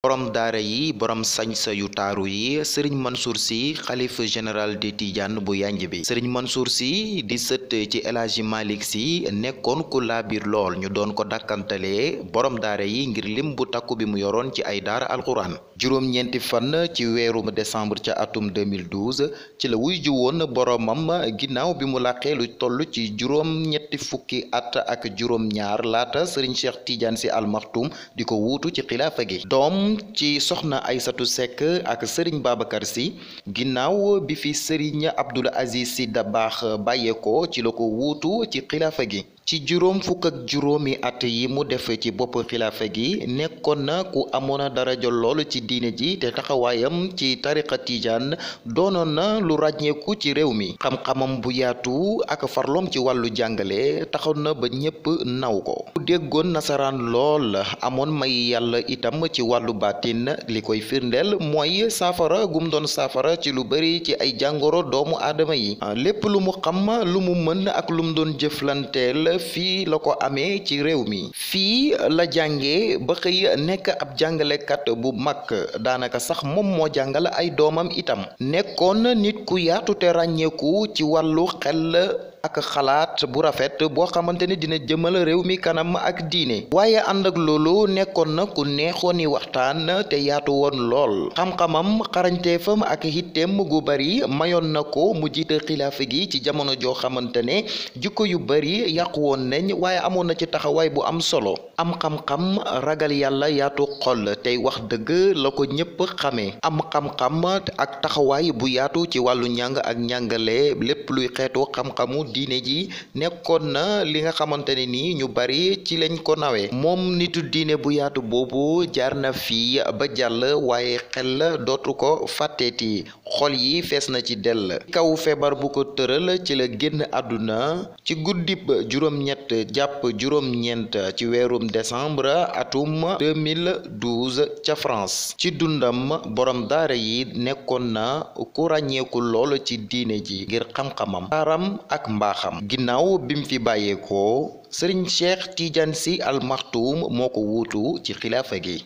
borom daare yi borom sañsa yu taaru yi sëriñ Mansour Sy xalifa général de Tidiane bu yanj bi sëriñ Mansour si di sët ci El Hadji si nekkoon ku biir lool ñu doon ko dakkantalee borom daara yi ngir lim bu takku bi mu yoroon ci ay daara alxuraan juróom fan ci weeru décembre ca atum 2012 ci la wuy ju woon boromam ginnaaw bi mu làqee lu toll ci juróom-ñetti fukki at ak juróom-ñaar laata sëriñ Cheikh Tidiane Sy almaxtum di ko wuutu ci xilaafa gi ci soxna Aysatu Seck ak sëriñ Babacar si ginnaaw bi fi sëriñ Abdoul Aziz Sy baax bàyyeekoo ci la ko wuutu ci xilaafa gi ci juróom fukk juróomi at yi mu def ci bopp xilaafa gi nekkoon na ku amoon daraja lool ci diine ji te taxawaayam ci tariqa tijaan doonoon na lu ràññeeku ci réew mi xam-xamam bu yaatu ak farloom ci wàllu jàngale taxoon na ba ñépp naw ko ku déggoon nasaraan lool amoon may yàlla itam ci wàllu baatin li koy firndeel mooy saafara gum doon saafara ci lu bari ci ay jàngoro doomu aadama yi lépp lu mu xam lu mu mën ak lu doon jëflanteel fii la ko amee ci réew mi fii la jànge ba xëy nekk ab jàngalekat bu mag daanaka sax moom moo jàngal ay doomam itam nekkoon nit ku yaatu te ràññeeku ci wàllu xel ak xalaat bu rafet boo xamante ne dina jëmal réew mi kanam ak diine waaye ànd ak loolu nekkoon na ku neexoon ni waxtaan te yaatu woon lool xam-xamam xarañteefam ak xitteem gu bari mayoon na ko mu jiite xilaafa gi ci jamono joo xamante ne jikko yu bari yàqu woon nañ waaye amoon na ci taxawaay bu am solo am xam-xam ragal yàlla yaatu xol tey wax dëgg la ko ñépp xamee am xam-xam ak taxawaay bu yaatu ci wàllu njàng ak njàngale lépp luy xeetu xam-xamu diine ji nekkoon na li nga xamante ne ni ñu bari ci lañ ko nawee moom nitu diine bu yaatu boobu jaar na fii ba jàll waaye xel dootu ko fàtteeti xol yi fees na ci dell kaw feebar bu ko tëral ci la génn àdduna ci guddib juróom-ñett jàpp juróom-ñeent ci weerum décembre atum 2012 ca France ci dundam borom daara yi nekkoon na ku ràññeeku lool ci diine ji ngir xam-xamam mbaaxam ginnaaw bi mu fi bàyyeekoo sëriñ Cheikh Tidiane Sy Al moo ko wuutu ci xilaafa gi